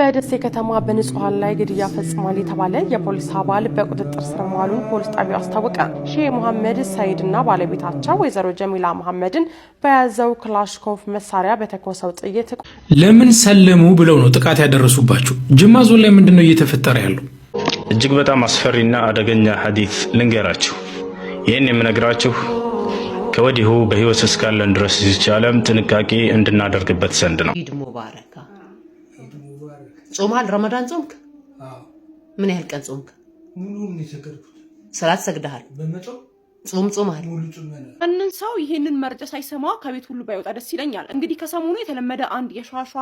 በደሴ ከተማ በንጹሐን ላይ ግድያ ፈጽሟል የተባለ የፖሊስ አባል በቁጥጥር ስር መዋሉን ፖሊስ ጣቢያው አስታወቀ። ሼህ መሐመድ ሰይድና ባለቤታቸው ወይዘሮ ጀሚላ መሐመድን በያዘው ክላሽኮቭ መሳሪያ በተኮሰው ጥይት ለምን ሰለሙ ብለው ነው ጥቃት ያደረሱባቸው። ጅማ ዞን ላይ ምንድን ነው እየተፈጠረ ያለው? እጅግ በጣም አስፈሪና አደገኛ ሀዲት ልንገራችሁ። ይህን የምነግራችሁ ከወዲሁ በህይወት እስካለን ድረስ ሲቻለም ጥንቃቄ እንድናደርግበት ዘንድ ነው። ኢድ ሙባረካ ጾማል? ረመዳን ጾምክ? ምን ያህል ቀን ጾምክ? ሰላት ሰግደሃል? ጾም ጾምሃል? አንን ሰው ይህንን መርጨ ሳይሰማ ከቤት ሁሉ ባይወጣ ደስ ይለኛል። እንግዲህ ከሰሞኑ የተለመደ አንድ የሻሻ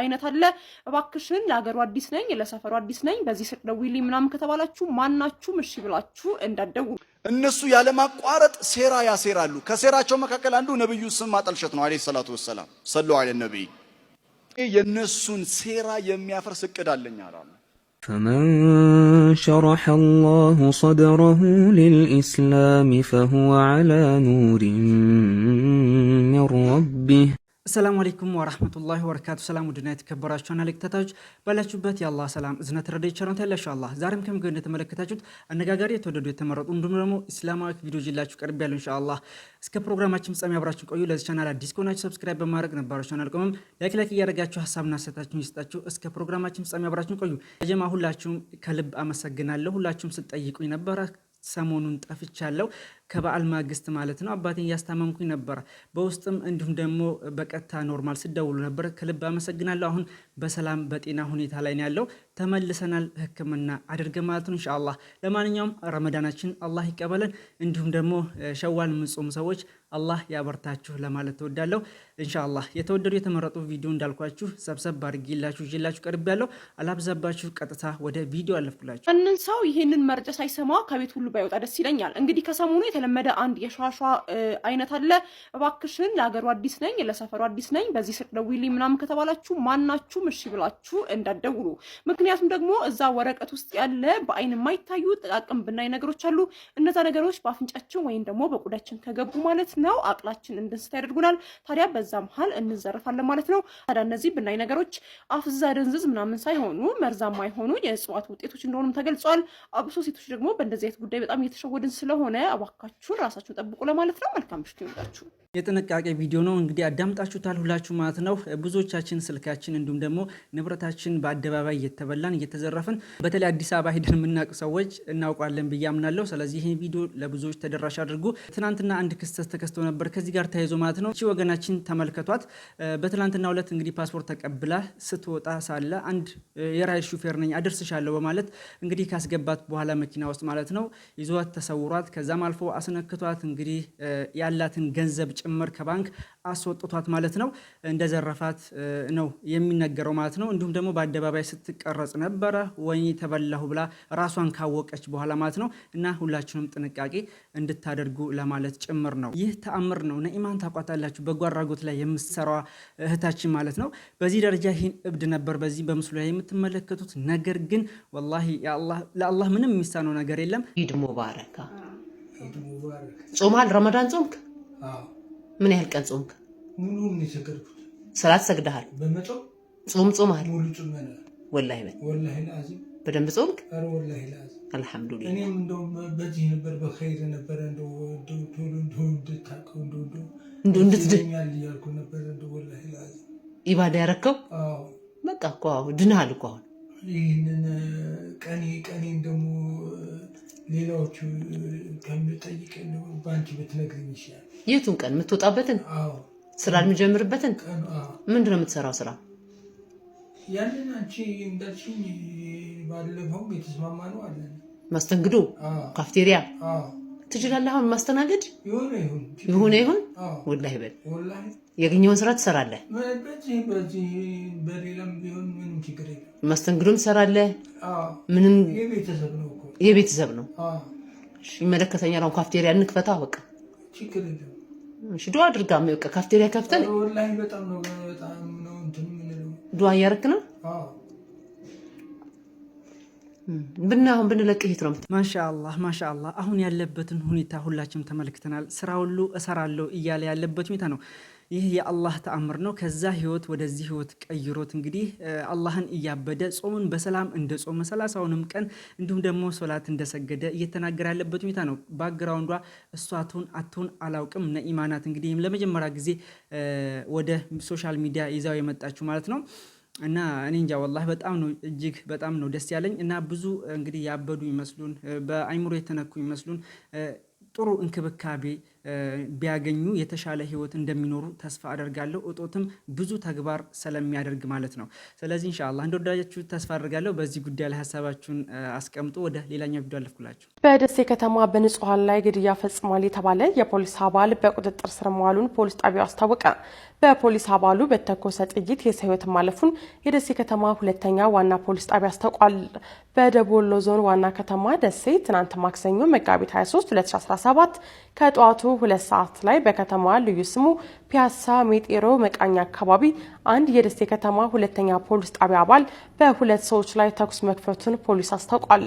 አይነት አለ። እባክሽን ለሀገሩ አዲስ ነኝ፣ ለሰፈሩ አዲስ ነኝ፣ በዚህ ስልክ ደውይልኝ ምናምን ከተባላችሁ ማናችሁ እሺ ብላችሁ እንዳደጉ እነሱ ያለማቋረጥ ሴራ ያሴራሉ። ከሴራቸው መካከል አንዱ ነብዩ ስም ማጠልሸት ነው። አለይሂ ሰላቱ ወሰላም ሰለላሁ ዐለይሂ ነብይ የነሱን ሴራ የሚያፈርስ እቅድ አለኝ فمن شرح الله صدره للإسلام فهو على نور من ربه አሰላሙ አለይኩም ወራህመቱላሂ ወበረካቱ። ሰላም ውድና የተከበራችሁ እና ለክታታችሁ ባላችሁበት የአላህ ሰላም እዝነት ረዳይ ቸርነት ያላችሁ አላህ ዛሬም ከምግብ እንደተመለከታችሁት አነጋጋሪ የተወደዱ የተመረጡ እንዲሁም ደግሞ ኢስላማዊ ቪዲዮ ጅላችሁ ቀርብ ያለው ኢንሻአላህ እስከ ፕሮግራማችን ፍጻሜ አብራችሁ ቆዩ። ለዚህ ቻናል አዲስ ከሆናችሁ ሰብስክራይብ በማድረግ ነባሮች አልቆምም ላይክ ላይክ እያደረጋችሁ ሀሳብና ሰታችሁን ይስጣችሁ። እስከ ፕሮግራማችን ፍጻሜ አብራችሁ ቆዩ። ጀማ ሁላችሁም ከልብ አመሰግናለሁ። ሁላችሁም ስጠይቁኝ ነበረ ሰሞኑን ጠፍቻለሁ። ከበዓል ማግስት ማለት ነው። አባቴን እያስታመምኩኝ ነበረ በውስጥም እንዲሁም ደግሞ በቀጥታ ኖርማል ስደውሉ ነበር። ከልብ አመሰግናለሁ። አሁን በሰላም በጤና ሁኔታ ላይ ያለው። ተመልሰናል ሕክምና አድርገን ማለት ነው ኢንሻአላህ። ለማንኛውም ረመዳናችን አላህ ይቀበለን፣ እንዲሁም ደግሞ ሸዋል ምጹም ሰዎች አላህ ያበርታችሁ ለማለት ተወዳለሁ ኢንሻአላህ። የተወደዱ የተመረጡ ቪዲዮ እንዳልኳችሁ ሰብሰብ አድርጌላችሁ ይዤላችሁ ያለው አላብዛባችሁ፣ ቀጥታ ወደ ቪዲዮ አለፍኩላችሁ። ሰው ይህንን መርጨ ሳይሰማ ከቤት ሁሉ ባይወጣ ደስ ይለኛል። እንግዲህ ከሰሞኑ የተለመደ አንድ የሻሿ አይነት አለ። እባክሽን ለሀገሩ አዲስ ነኝ፣ ለሰፈሩ አዲስ ነኝ፣ በዚህ ስር ደውይልኝ ምናምን ከተባላችሁ ማናችሁ እሺ ብላችሁ እንዳደውሉ ምክንያቱም ደግሞ እዛ ወረቀት ውስጥ ያለ በአይን የማይታዩ ጥቃቅን ብናይ ነገሮች አሉ። እነዛ ነገሮች በአፍንጫችን ወይም ደግሞ በቆዳችን ከገቡ ማለት ነው አቅላችን እንድንስት ያደርጉናል። ታዲያ በዛ መሀል እንዘረፋለን ማለት ነው። ታዲያ እነዚህ ብናይ ነገሮች አፍዛ ደንዝዝ ምናምን ሳይሆኑ መርዛማ የሆኑ የእጽዋት ውጤቶች እንደሆኑም ተገልጿል። አብሶ ሴቶች ደግሞ በእንደዚህ አይነት ጉዳይ በጣም እየተሸወድን ስለሆነ አባካ ራሳችሁን ራሳችሁን ጠብቁ ለማለት ነው። መልካም ምሽት ይወዳችሁ። የጥንቃቄ ቪዲዮ ነው እንግዲህ አዳምጣችሁታል ሁላችሁ ማለት ነው። ብዙዎቻችን ስልካችን እንዲሁም ደግሞ ንብረታችን በአደባባይ እየተበላን እየተዘረፍን በተለይ አዲስ አበባ ሄደን የምናውቅ ሰዎች እናውቋለን ብዬ አምናለሁ። ስለዚህ ይህ ቪዲዮ ለብዙዎች ተደራሽ አድርጉ። ትናንትና አንድ ክስተት ተከስቶ ነበር ከዚህ ጋር ተያይዞ ማለት ነው። እቺ ወገናችን ተመልከቷት። በትናንትና ሁለት እንግዲህ ፓስፖርት ተቀብላ ስትወጣ ሳለ አንድ የራይድ ሹፌር ነኝ አደርስሻለሁ በማለት እንግዲህ ካስገባት በኋላ መኪና ውስጥ ማለት ነው ይዟት ተሰውሯት ከዛም አልፎ አስነክቷት እንግዲህ ያላትን ገንዘብ ጭምር ከባንክ አስወጥቷት ማለት ነው እንደዘረፋት ነው የሚነገረው ማለት ነው። እንዲሁም ደግሞ በአደባባይ ስትቀረጽ ነበረ ወይ ተበላሁ ብላ ራሷን ካወቀች በኋላ ማለት ነው። እና ሁላችሁንም ጥንቃቄ እንድታደርጉ ለማለት ጭምር ነው። ይህ ተአምር ነው። ነኢማን ታቋታላችሁ፣ በጎ አድራጎት ላይ የምትሰራ እህታችን ማለት ነው። በዚህ ደረጃ ይህን እብድ ነበር በዚህ በምስሉ ላይ የምትመለከቱት ነገር ግን ወላሂ ለአላህ ምንም የሚሳነው ነገር የለም። ኢድ ሙባረካ ጾማል ረመዳን ጾምክ? ምን ያህል ቀን ጾምክ? ሰላት ሰግደሃል? ጾም ጾማል? ሙሉ ጾም ወላሂ በል በደንብ ጾምክ? አረ አልሐምዱሊላህ። ነበር ነበር እንደው ነበር እንደው ኢባዳ ያረከው። አዎ በቃ እኮ አሁን እኮ አሁን ይሄንን ቀኔ ቀኔን ደግሞ ሌላዎቹ ከምጠይቅ በአንቺ ብትነግሪኝ ይሻላል። የቱን ቀን የምትወጣበትን ስራ የምጀምርበትን? ምንድን ነው የምትሰራው ስራ? ያንን አንቺ እንዳልሽኝ ባለፈው የተስማማ ነው አለ ማስተንግዶ፣ ካፍቴሪያ ትችላለህ አሁን ማስተናገድ የሆነ ይሁን ወላ በል የግኘውን ስራ ትሰራለህ። ማስተንግዶም ትሰራለህ ምንም ነው የቤተሰብ ነው ይመለከተኛል። አሁን ካፍቴሪያ እንክፈታ በቃ ሽዶ አድርጋ በቃ ካፍቴሪያ ከፍተን ዱዓ እያደረክ ነው ብና አሁን ብንለቅ ይሄት ነው። ማሻአላህ ማሻአላህ። አሁን ያለበትን ሁኔታ ሁላችንም ተመልክተናል። ስራ ሁሉ እሰራለሁ እያለ ያለበት ሁኔታ ነው። ይህ የአላህ ተአምር ነው። ከዛ ህይወት ወደዚህ ህይወት ቀይሮት እንግዲህ አላህን እያበደ ጾሙን በሰላም እንደ ጾመ ሰላሳውንም ቀን እንዲሁም ደግሞ ሶላት እንደሰገደ እየተናገረ ያለበት ሁኔታ ነው። ባግራውንዷ እሷ አትሁን አትሁን አላውቅም። ነኢማ እንግዲህ ለመጀመሪያ ጊዜ ወደ ሶሻል ሚዲያ ይዛው የመጣችሁ ማለት ነው። እና እኔ እንጃ ወላሂ በጣም ነው እጅግ በጣም ነው ደስ ያለኝ። እና ብዙ እንግዲህ ያበዱ ይመስሉን በአይምሮ የተነኩ ይመስሉን ጥሩ እንክብካቤ ቢያገኙ የተሻለ ህይወት እንደሚኖሩ ተስፋ አደርጋለሁ። እጦትም ብዙ ተግባር ስለሚያደርግ ማለት ነው። ስለዚህ እንሻላ እንደወዳጃችሁ ተስፋ አደርጋለሁ። በዚህ ጉዳይ ላይ ሀሳባችሁን አስቀምጡ። ወደ ሌላኛው ቪዲዮ አለፍኩላችሁ። በደሴ ከተማ በንጹሀን ላይ ግድያ ፈጽሟል የተባለ የፖሊስ አባል በቁጥጥር ስር መዋሉን ፖሊስ ጣቢያው አስታወቀ። በፖሊስ አባሉ በተኮሰ ጥይት የሰው ህይወት ማለፉን የደሴ ከተማ ሁለተኛ ዋና ፖሊስ ጣቢያ አስታውቋል። በደቡብ ወሎ ዞን ዋና ከተማ ደሴ ትናንት ማክሰኞ መጋቢት 23 2017 ከጠዋቱ ሁለት ሰዓት ላይ በከተማዋ ልዩ ስሙ ፒያሳ ሜጤሮ መቃኛ አካባቢ አንድ የደሴ ከተማ ሁለተኛ ፖሊስ ጣቢያ አባል በሁለት ሰዎች ላይ ተኩስ መክፈቱን ፖሊስ አስታውቋል።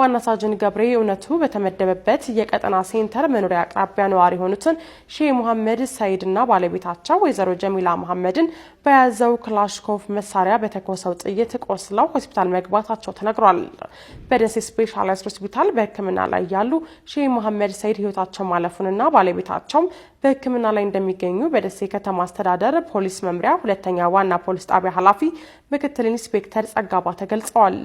ዋና ሳጅን ገብሬ እውነቱ በተመደበበት የቀጠና ሴንተር መኖሪያ አቅራቢያ ነዋሪ የሆኑትን ሼህ ሙሐመድ ሰይድና ባለቤታቸው ወይዘሮ ጀሚላ መሐመድን በያዘው ክላሽኮቭ መሳሪያ በተኮሰው ጥይት ቆስለው ሆስፒታል መግባታቸው ተነግሯል። በደሴ ስፔሻላይዝድ ሆስፒታል በሕክምና ላይ ያሉ ሼህ ሙሐመድ ሰይድ ህይወታቸው ማለፉንና ባለቤታቸውም በሕክምና ላይ እንደሚገኙ በደሴ ከተማ አስተዳደር ፖሊስ መምሪያ ሁለተኛ ዋና ፖሊስ ጣቢያ ኃላፊ ምክትል ኢንስፔክተር ጸጋባ ተገልጸዋል።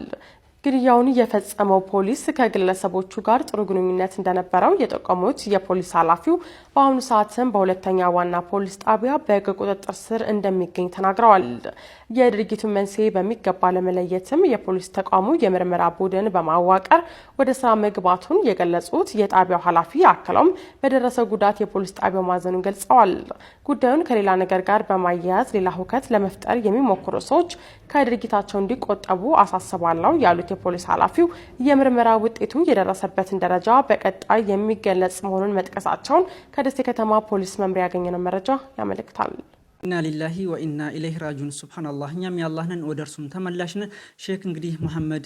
ግድያውን የፈጸመው ፖሊስ ከግለሰቦቹ ጋር ጥሩ ግንኙነት እንደነበረው የጠቆሙት የፖሊስ ኃላፊው በአሁኑ ሰዓትም በሁለተኛ ዋና ፖሊስ ጣቢያ በሕግ ቁጥጥር ስር እንደሚገኝ ተናግረዋል። የድርጊቱን መንስኤ በሚገባ ለመለየትም የፖሊስ ተቋሙ የምርመራ ቡድን በማዋቀር ወደ ስራ መግባቱን የገለጹት የጣቢያው ኃላፊ አክለውም በደረሰው ጉዳት የፖሊስ ጣቢያው ማዘኑን ገልጸዋል። ጉዳዩን ከሌላ ነገር ጋር በማያያዝ ሌላ ሁከት ለመፍጠር የሚሞክሩ ሰዎች ከድርጊታቸው እንዲቆጠቡ አሳስባለሁ ያሉት ያሉት የፖሊስ ኃላፊው የምርመራ ውጤቱ የደረሰበትን ደረጃ በቀጣይ የሚገለጽ መሆኑን መጥቀሳቸውን ከደሴ ከተማ ፖሊስ መምሪያ ያገኘነው መረጃ ያመለክታል። ኢና ሊላሂ ወኢና ኢለይህ ራጁን ሱብሃነላህ። እኛም የአላህ ወደ እርሱም ተመላሽን ሼክ እንግዲህ መሐመድ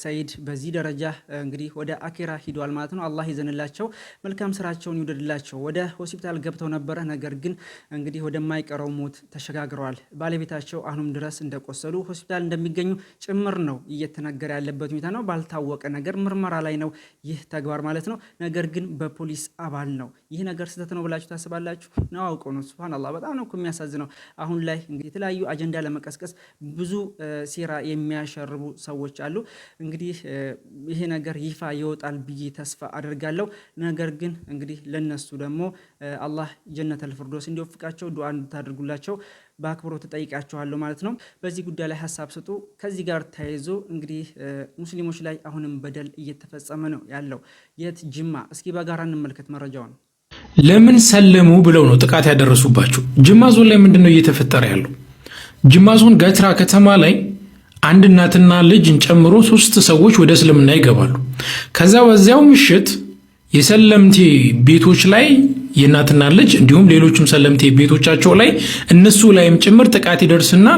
ሰይድ በዚህ ደረጃ እንግዲህ ወደ አኬራ ሂዷል ማለት ነው። አላህ ይዘንላቸው፣ መልካም ስራቸውን ይውደድላቸው። ወደ ሆስፒታል ገብተው ነበረ፣ ነገር ግን እንግዲህ ወደማይቀረው ሞት ተሸጋግረዋል። ባለቤታቸው አሁንም ድረስ እንደቆሰሉ ሆስፒታል እንደሚገኙ ጭምር ነው እየተነገረ ያለበት ሁኔታ ነው። ባልታወቀ ነገር ምርመራ ላይ ነው ይህ ተግባር ማለት ነው። ነገር ግን በፖሊስ አባል ነው። ይህ ነገር ስህተት ነው ብላችሁ ታስባላችሁ? ነው አውቀው ነው። ሱብሃነላህ በጣም ነው የሚያሳ የሚያሳዝነው አሁን ላይ እንግዲህ የተለያዩ አጀንዳ ለመቀስቀስ ብዙ ሴራ የሚያሸርቡ ሰዎች አሉ። እንግዲህ ይሄ ነገር ይፋ ይወጣል ብዬ ተስፋ አድርጋለሁ። ነገር ግን እንግዲህ ለነሱ ደግሞ አላህ ጀነተል ፊርዶስ እንዲወፍቃቸው ዱዓ እንድታደርጉላቸው በአክብሮ ተጠይቃችኋለሁ ማለት ነው። በዚህ ጉዳይ ላይ ሀሳብ ስጡ። ከዚህ ጋር ተያይዞ እንግዲህ ሙስሊሞች ላይ አሁንም በደል እየተፈጸመ ነው ያለው። የት ጅማ? እስኪ በጋራ እንመልከት መረጃውን ለምን ሰለሙ ብለው ነው ጥቃት ያደረሱባቸው። ጅማ ዞን ላይ ምንድን ነው እየተፈጠረ ያለው? ጅማ ዞን ገትራ ከተማ ላይ አንድ እናትና ልጅን ጨምሮ ሶስት ሰዎች ወደ እስልምና ይገባሉ። ከዛ በዚያው ምሽት የሰለምቴ ቤቶች ላይ የእናትና ልጅ እንዲሁም ሌሎችም ሰለምቴ ቤቶቻቸው ላይ እነሱ ላይም ጭምር ጥቃት ይደርስና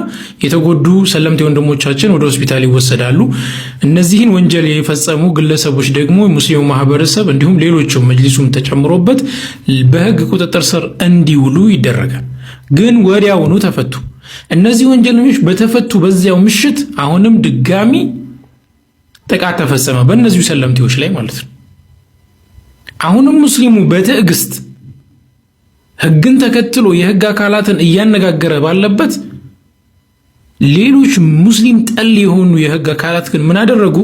የተጎዱ ሰለምቴ ወንድሞቻችን ወደ ሆስፒታል ይወሰዳሉ። እነዚህን ወንጀል የፈጸሙ ግለሰቦች ደግሞ ሙስሊሙ ማህበረሰብ እንዲሁም ሌሎችም መጅሊሱም ተጨምሮበት በህግ ቁጥጥር ስር እንዲውሉ ይደረጋል። ግን ወዲያውኑ ተፈቱ። እነዚህ ወንጀለኞች በተፈቱ በዚያው ምሽት አሁንም ድጋሚ ጥቃት ተፈጸመ፣ በእነዚሁ ሰለምቴዎች ላይ ማለት ነው። አሁንም ሙስሊሙ በትዕግስት ህግን ተከትሎ የህግ አካላትን እያነጋገረ ባለበት ሌሎች ሙስሊም ጠል የሆኑ የህግ አካላት ግን ምን አደረጉ?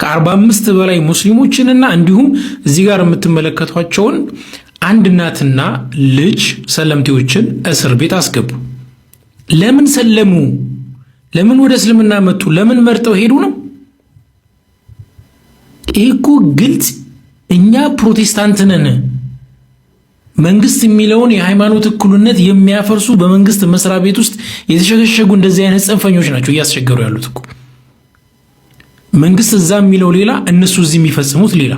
ከ አምስት በላይ ሙስሊሞችንና እንዲሁም እዚህ ጋር የምትመለከቷቸውን አንድ እናትና ልጅ ሰለምቴዎችን እስር ቤት አስገቡ። ለምን ሰለሙ? ለምን ወደ እስልምና መጡ? ለምን መርጠው ሄዱ ነው? ይህ እኮ ግልጽ እኛ ፕሮቴስታንት ነን መንግስት የሚለውን የሃይማኖት እኩልነት የሚያፈርሱ በመንግስት መስሪያ ቤት ውስጥ የተሸገሸጉ እንደዚህ አይነት ጽንፈኞች ናቸው እያስቸገሩ ያሉት እኮ። መንግስት እዛ የሚለው ሌላ፣ እነሱ እዚህ የሚፈጽሙት ሌላ።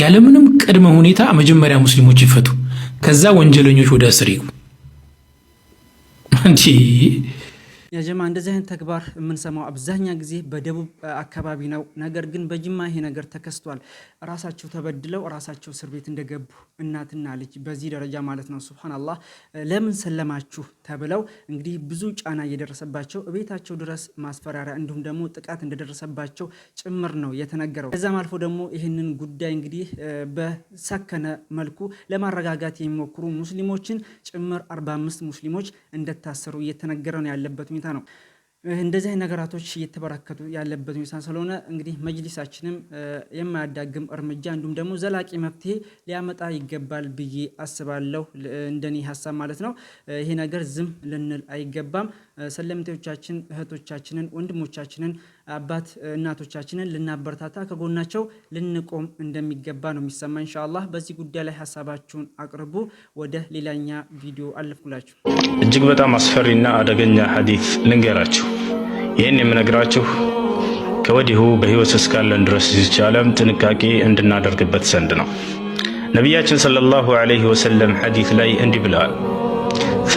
ያለምንም ቅድመ ሁኔታ መጀመሪያ ሙስሊሞች ይፈቱ፣ ከዛ ወንጀለኞች ወደ እስር ይግቡ። ያጀማ እንደዚህ አይነት ተግባር የምንሰማው አብዛኛ ጊዜ በደቡብ አካባቢ ነው። ነገር ግን በጅማ ይሄ ነገር ተከስቷል። ራሳቸው ተበድለው ራሳቸው እስር ቤት እንደገቡ እናትና ልጅ በዚህ ደረጃ ማለት ነው። ሱብሃነላህ ለምን ሰለማችሁ ተብለው እንግዲህ ብዙ ጫና እየደረሰባቸው ቤታቸው ድረስ ማስፈራሪያ እንዲሁም ደግሞ ጥቃት እንደደረሰባቸው ጭምር ነው የተነገረው። ከዛም አልፎ ደግሞ ይህንን ጉዳይ እንግዲህ በሰከነ መልኩ ለማረጋጋት የሚሞክሩ ሙስሊሞችን ጭምር 45 ሙስሊሞች እንደታሰሩ እየተነገረ ነው ያለበት ሁኔታ ነው እንደዚህ አይነት ነገራቶች እየተበራከቱ ያለበት ሁኔታ ስለሆነ እንግዲህ መጅሊሳችንም የማያዳግም እርምጃ እንዲሁም ደግሞ ዘላቂ መፍትሄ ሊያመጣ ይገባል ብዬ አስባለሁ። እንደኔ ሀሳብ ማለት ነው። ይሄ ነገር ዝም ልንል አይገባም። ሰለምቴዎቻችን እህቶቻችንን፣ ወንድሞቻችንን አባት እናቶቻችንን ልናበረታታ ከጎናቸው ልንቆም እንደሚገባ ነው የሚሰማ። እንሻላ በዚህ ጉዳይ ላይ ሀሳባችሁን አቅርቡ። ወደ ሌላኛ ቪዲዮ አለፍኩላችሁ። እጅግ በጣም አስፈሪና አደገኛ ሀዲት ልንገራችሁ። ይህን የምነግራችሁ ከወዲሁ በህይወት እስካለን ድረስ ሲቻለም ጥንቃቄ እንድናደርግበት ዘንድ ነው። ነቢያችን ሰለላሁ ዐለይሂ ወሰለም ሐዲስ ላይ እንዲህ ብለዋል፣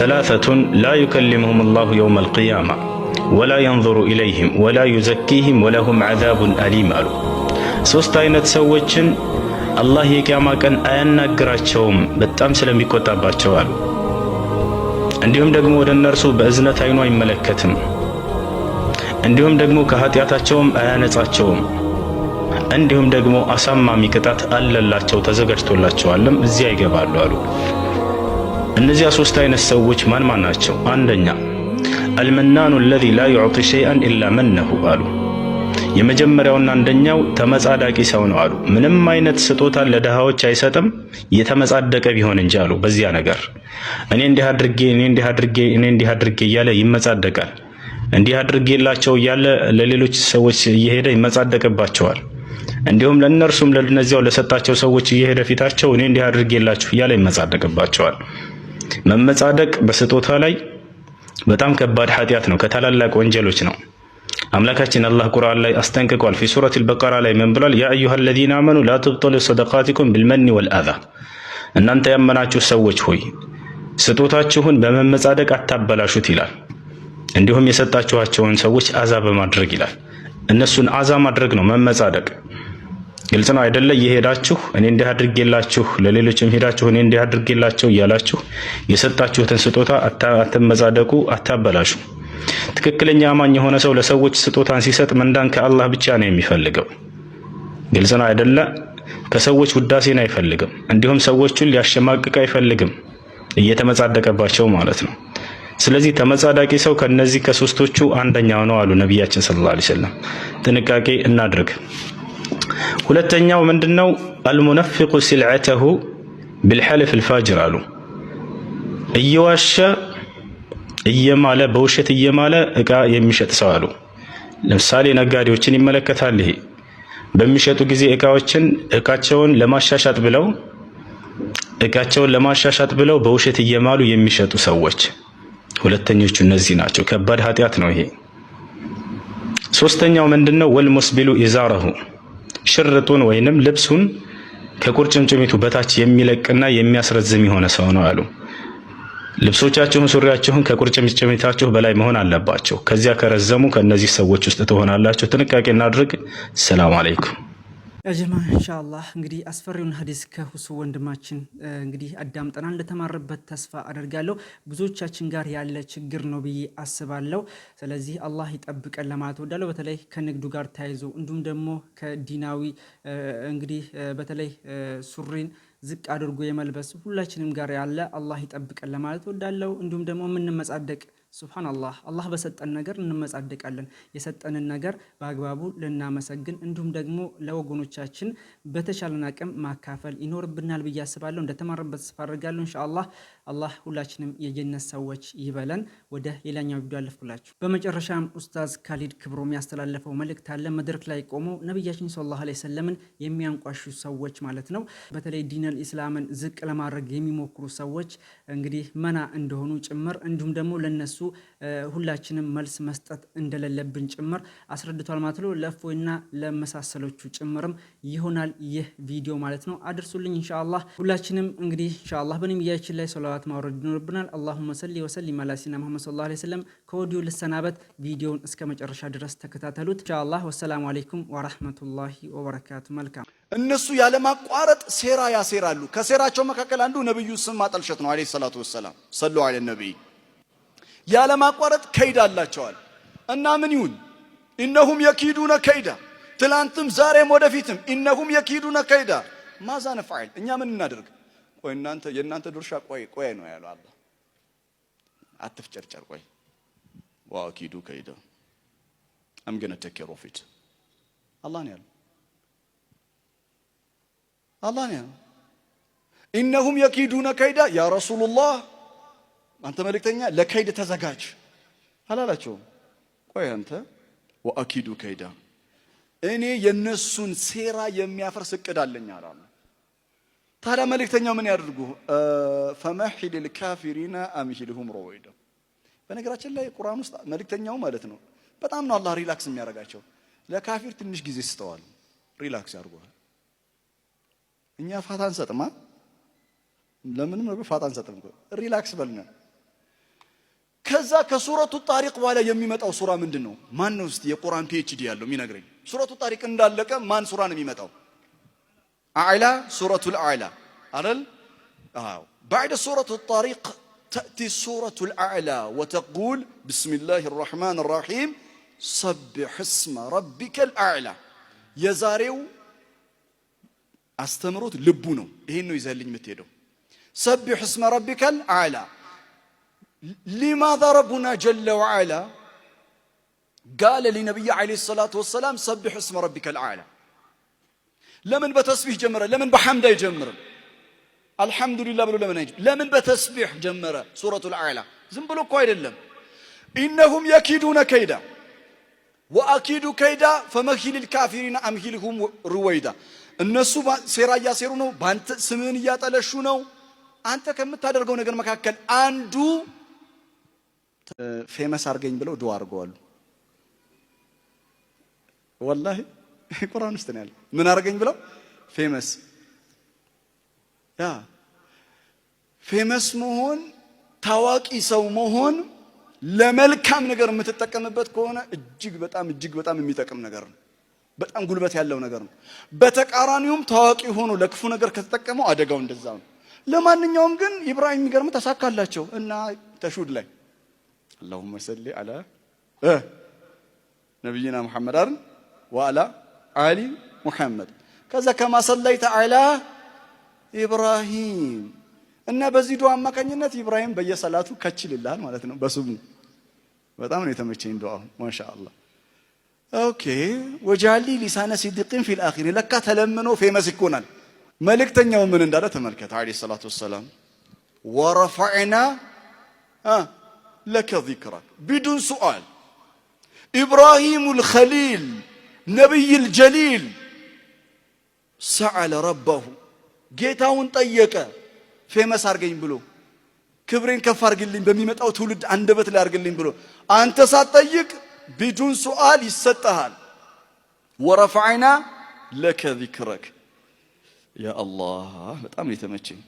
ሰላሰቱን ላ ዩከሊሙሁም አላሁ የውመል ቂያማ ወላ የንظሩ ኢለይህም ወላ ዩዘኪህም ወለሁም ዓዛቡን አሊም አሉ። ሶስት አይነት ሰዎችን አላህ የቂያማ ቀን አያናግራቸውም በጣም ስለሚቆጣባቸው አሉ። እንዲሁም ደግሞ ወደ እነርሱ በእዝነት አይኑ አይመለከትም። እንዲሁም ደግሞ ከኃጢአታቸውም አያነጻቸውም። እንዲሁም ደግሞ አሳማሚ ቅጣት አለላቸው ተዘጋጅቶላቸዋለም እዚያ ይገባሉ አሉ። እነዚያ ሶስት አይነት ሰዎች ማን ማን ናቸው? አንደኛ አልመናኑ አለዚ ላ ዩዕጢ ሸይአን ኢላ መነሁ አሉ። የመጀመሪያውና አንደኛው ተመጻዳቂ ሰው ነው አሉ። ምንም አይነት ስጦታን ለድሃዎች አይሰጥም የተመጻደቀ ቢሆን እንጂ አሉ። በዚያ ነገር እኔ እንዲህ አድርጌ እኔ እንዲህ አድርጌ እኔ እንዲህ አድርጌ እያለ ይመጻደቃል። እንዲህ አድርጌላቸው እያለ ለሌሎች ሰዎች እየሄደ ይመጻደቅባቸዋል። እንዲሁም ለእነርሱም ለነዚያው ለሰጣቸው ሰዎች እየሄደ ፊታቸው እኔ እንዲህ አድርጌላችሁ እያለ ይመጻደቅባቸዋል። መመጻደቅ በስጦታ ላይ በጣም ከባድ ኃጢአት ነው። ከታላላቅ ወንጀሎች ነው። አምላካችን አላህ ቁርአን ላይ አስጠንቅቋል። ፊ በቀራ ላይ ምን ብሏል? ያ አዩሃ አለዚነ አመኑ ላ ተብጠሉ ሰደቃቲኩም ቢልመኒ ወልአዛ፣ እናንተ ያመናችሁ ሰዎች ሆይ ስጦታችሁን በመመጻደቅ አታበላሹት ይላል። እንዲሁም የሰጣችኋቸውን ሰዎች አዛ በማድረግ ይላል። እነሱን አዛ ማድረግ ነው መመጻደቅ ግልጽ ነው አይደለ? እየሄዳችሁ እኔ እንዲህ አድርጌላችሁ ለሌሎችም ሄዳችሁ እኔ እንዲህ አድርጌላቸው እያላችሁ የሰጣችሁትን ስጦታ አትመጻደቁ፣ አታበላሹ። ትክክለኛ አማኝ የሆነ ሰው ለሰዎች ስጦታን ሲሰጥ ምንዳን ከአላህ ብቻ ነው የሚፈልገው። ግልጽ ነው አይደለ? ከሰዎች ውዳሴን አይፈልግም፣ እንዲሁም ሰዎቹን ሊያሸማቅቅ አይፈልግም፣ እየተመጻደቀባቸው ማለት ነው። ስለዚህ ተመጻዳቂ ሰው ከነዚህ ከሶስቶቹ አንደኛው ነው አሉ ነቢያችን ሰለላሁ ዐለይሂ ወሰለም። ጥንቃቄ እናድርግ። ሁለተኛው ምንድነው? አልሙነፍቁ ሲልዓተሁ ቢልሐልፍ ልፋጅር አሉ። እየዋሸ እየማለ በውሸት እየማለ እቃ የሚሸጥ ሰው አሉ። ለምሳሌ ነጋዴዎችን ይመለከታል። ይሄ በሚሸጡ ጊዜ እቃዎችን እቃቸውን ለማሻሻጥ ብለው እቃቸውን ለማሻሻጥ ብለው በውሸት እየማሉ የሚሸጡ ሰዎች ሁለተኞቹ እነዚህ ናቸው። ከባድ ኃጢአት ነው ይሄ። ሶስተኛው ምንድነው? ወልሙስቢሉ ኢዛረሁ ሽርጡን ወይንም ልብሱን ከቁርጭምጭሚቱ በታች የሚለቅና የሚያስረዝም የሆነ ሰው ነው አሉ። ልብሶቻችሁን ሱሪያችሁን ከቁርጭምጭሚታችሁ በላይ መሆን አለባቸው። ከዚያ ከረዘሙ ከእነዚህ ሰዎች ውስጥ ትሆናላችሁ። ጥንቃቄ እናድርግ። ሰላም አለይኩም። ያጀማ ኢንሻአላህ እንግዲህ አስፈሪውን ሀዲስ ከሁሱ ወንድማችን እንግዲህ አዳምጠናል። እንደተማረበት ተስፋ አደርጋለሁ። ብዙዎቻችን ጋር ያለ ችግር ነው ብዬ አስባለሁ። ስለዚህ አላህ ይጠብቀን ለማለት እወዳለሁ። በተለይ ከንግዱ ጋር ተያይዞ እንዲሁም ደግሞ ከዲናዊ እንግዲህ በተለይ ሱሪን ዝቅ አድርጎ የመልበስ ሁላችንም ጋር ያለ አላህ ይጠብቀን ለማለት እወዳለሁ። እንዲሁም ደግሞ የምንመጻደቅ ሱብሃነላህ አላህ በሰጠን ነገር እንመጻደቃለን። የሰጠንን ነገር በአግባቡ ልናመሰግን እንዲሁም ደግሞ ለወገኖቻችን በተቻለን አቅም ማካፈል ይኖርብናል ብዬ አስባለሁ። እንደተማረበት ስፋ አድርጋለሁ ኢንሻአላህ። አላህ ሁላችንም የጀነት ሰዎች ይበለን። ወደ ሌላኛው ቪዲዮ አለፍኩላችሁ። በመጨረሻም ኡስታዝ ካሊድ ክብሮም ያስተላለፈው መልእክት አለ። መድረክ ላይ ቆመው ነቢያችን ሰለላሁ ዐለይሂ ወሰለምን የሚያንቋሹ ሰዎች ማለት ነው። በተለይ ዲነል ኢስላምን ዝቅ ለማድረግ የሚሞክሩ ሰዎች እንግዲህ መና እንደሆኑ ጭምር እንዲሁም ደግሞ ለነሱ ሁላችንም መልስ መስጠት እንደሌለብን ጭምር አስረድቷል ማለት ነው። ለእፎይና ለመሳሰሎቹ ጭምርም ይሆናል ይህ ቪዲዮ ማለት ነው። አድርሱልኝ ኢንሻአላህ። ሁላችንም እንግዲህ ኢንሻአላህ በነቢያችን ላይ ሰላት ማውረድ ይኖርብናል። አላሁመ ሰሊ ወሰሊም አላ ሲና መሐመድ ሰለላሁ ዐለይሂ ወሰለም። ከወዲሁ ልሰናበት፣ ቪዲዮውን እስከ መጨረሻ ድረስ ተከታተሉት ኢንሻአላህ። ወሰላሙ አለይኩም ወራህመቱላሂ ወበረካቱ። መልካም እነሱ ያለማቋረጥ ሴራ ያሴራሉ። ከሴራቸው መካከል አንዱ ነብዩ ስም ማጠልሸት ነው። አለይሂ ሰላቱ ወሰላም ሰሉ አለ ነብይ ያለማቋረጥ ከይዳ አላቸዋል። እና ምን ይሁን ኢነሁም የኪዱነ ከይዳ ትላንትም ዛሬም ወደፊትም ኢነሁም የኪዱነ ከይዳ ማዛ ነፍዓል እኛ ምን እናደርግ ቆይ እናንተ የእናንተ ድርሻ ቆይ ቆይ ነው ያለው አላህ። አትፍጨርጨር ቆይ ዋኪዱ ከይደ አም ገና ቴክ ተኬር ኦፍ ኢት አላህ ነው ያለው። አላህ ነው ያለው። ኢነሁም የኪዱነ ከይዳ ያ ረሱሉላህ አንተ መልእክተኛ ለከይድ ተዘጋጅ አላላቸውም። ቆይ አንተ ወአኪዱ ከይዳ እኔ የነሱን ሴራ የሚያፈርስ እቅድ አለኝ አላሉ ታዲያ መልእክተኛው ምን ያድርጉ? ፈመሒል ልካፊሪና አምሂልሁም ሮወይደ። በነገራችን ላይ ቁርአን ውስጥ መልእክተኛው ማለት ነው በጣም ነው አላህ ሪላክስ የሚያደርጋቸው። ለካፊር ትንሽ ጊዜ ስተዋል፣ ሪላክስ ያድርጓል። እኛ ፋታ አንሰጥማ፣ ለምንም ነገር ፋታ አንሰጥም፣ ሪላክስ በልነ። ከዛ ከሱረቱ ጣሪቅ በኋላ የሚመጣው ሱራ ምንድን ነው? ማን ነው እስቲ የቁርአን ፒኤችዲ ያለው የሚነግረኝ? ሱረቱ ጣሪቅ እንዳለቀ ማን ሱራ ነው የሚመጣው? أعلى سورة الأعلى أرل آه. بعد سورة الطريق تأتي سورة الأعلى وتقول بسم الله الرحمن الرحيم سبح اسم ربك الأعلى يزاريو أستمرت لبونو إنه يزالين متيدو سبح اسم ربك الأعلى لماذا ربنا جل وعلا قال لنبي عليه الصلاة والسلام سبح اسم ربك الأعلى ለምን በተስቢህ ጀመረ? ለምን በሐምድ አይጀምርም? አልሐምዱሊላህ ብሎ ለምን አይጀምር? ለምን በተስቢህ ጀመረ? ሱረቱል አዕላ ዝም ብሎ እኮ አይደለም። ኢነሁም የኪዱነ ከይዳ ወአኪዱ ከይዳ ፈመሂልል ካፊሪን አምሂልሁም ሩወይዳ። እነሱ ሴራ እያሴሩ ነው፣ በአንተ ስምህን እያጠለሹ ነው። አንተ ከምታደርገው ነገር መካከል አንዱ ፌመስ አርገኝ ብለው ድዋ አድርገዋሉ። ወላሂ ቁርአን ውስጥ ነው ምን አርገኝ ብለው ፌመስ ያ ፌመስ መሆን ታዋቂ ሰው መሆን ለመልካም ነገር የምትጠቀምበት ከሆነ እጅግ በጣም እጅግ በጣም የሚጠቅም ነገር ነው። በጣም ጉልበት ያለው ነገር ነው። በተቃራኒውም ታዋቂ ሆኖ ለክፉ ነገር ከተጠቀመው አደጋው እንደዛ ነው። ለማንኛውም ግን ኢብራሂም የሚገርም ተሳካላቸው እና ተሹድ ላይ አላሁመ ሰሊ አላ ነቢይና ሙሐመድ አርን ወአላ አሊ ሙሐመድ ከዛ ከማሰለይተ አላ ኢብራሂም እና በዚህ ዱዓ አማካኝነት ኢብራሂም በየሰላቱ ከች ይልልሃል ማለት ነው። በሱብ በጣም ነው የተመቸኝ ዱዓው ማሻአላህ። ኦኬ ወጃሊ ሊሳነ ሲድቅን ፊል አኺር ለካ ተለምኖ ፌመስ ይኮናል። መልእክተኛው ምን እንዳለ ተመልከት። አለይሂ ሰላቱ ወሰላም ወረፈዕና ለከ ዚክራክ ቢዱን ሱአል ኢብራሂሙል ኸሊል ነቢይል ጀሊል ሰዓለ ረባሁ ጌታውን ጠየቀ። ፌመስ አርገኝ ብሎ ክብሬን ከፍ አርግልኝ በሚመጣው ትውልድ አንደበት ላይ አርግልኝ ብሎ አንተ ሳትጠይቅ ቢዱን ሱዓል ይሰጠሃል። ወረፈዐና ለከ ዚክረክ ያ አላህ በጣም የተመቸኝ